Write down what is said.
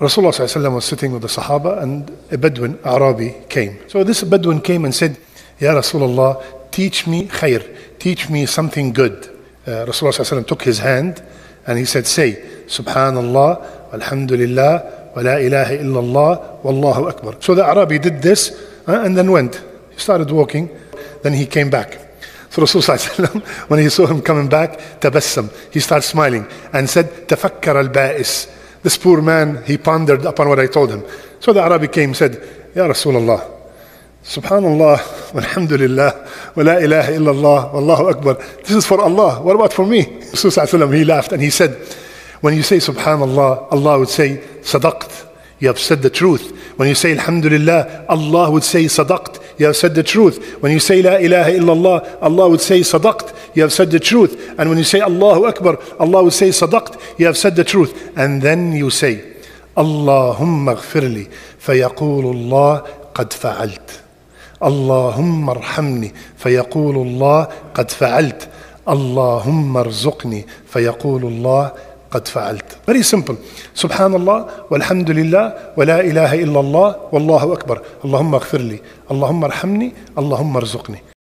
Rasulullah ﷺ was sitting with the Sahaba and a Bedouin, Arabi, came. So this Bedouin came and said, Ya Rasulullah, teach me khair, teach me something good. Uh, Rasulullah ﷺ took his hand and he said, Say, Subhanallah, Alhamdulillah, Wa la ilaha illallah, Wallahu Akbar. So the Arabi did this uh, and then went. He started walking, then he came back. So Rasulullah when he saw him coming back, tabassam, he started smiling and said, Tafakkar al-ba'is this poor man, he pondered upon what I told him. So the Arabic came and said, Ya Rasulullah, Subhanallah, Alhamdulillah, wa la ilaha illallah, Wallahu Akbar. This is for Allah. What about for me? Rasulullah, he laughed and he said, When you say Subhanallah, Allah would say, Sadaqt, you have said the truth. When you say Alhamdulillah, Allah would say Sadaqt, you have said the truth. When you say La ilaha illallah, Allah would say Sadaqt, you have said the truth. And when you say Allahu Akbar, Allah will say Sadaqt, you have said the truth. And then you say, Allahumma gfirli, fayaqulullah qad fa'alt. Allahumma rahamni, fayaqulullah qad fa'alt. Allahumma rzuqni, fayaqulullah قد فعلت very simple سبحان الله والحمد لله ولا إله إلا الله والله أكبر اللهم اغفر لي اللهم ارحمني اللهم ارزقني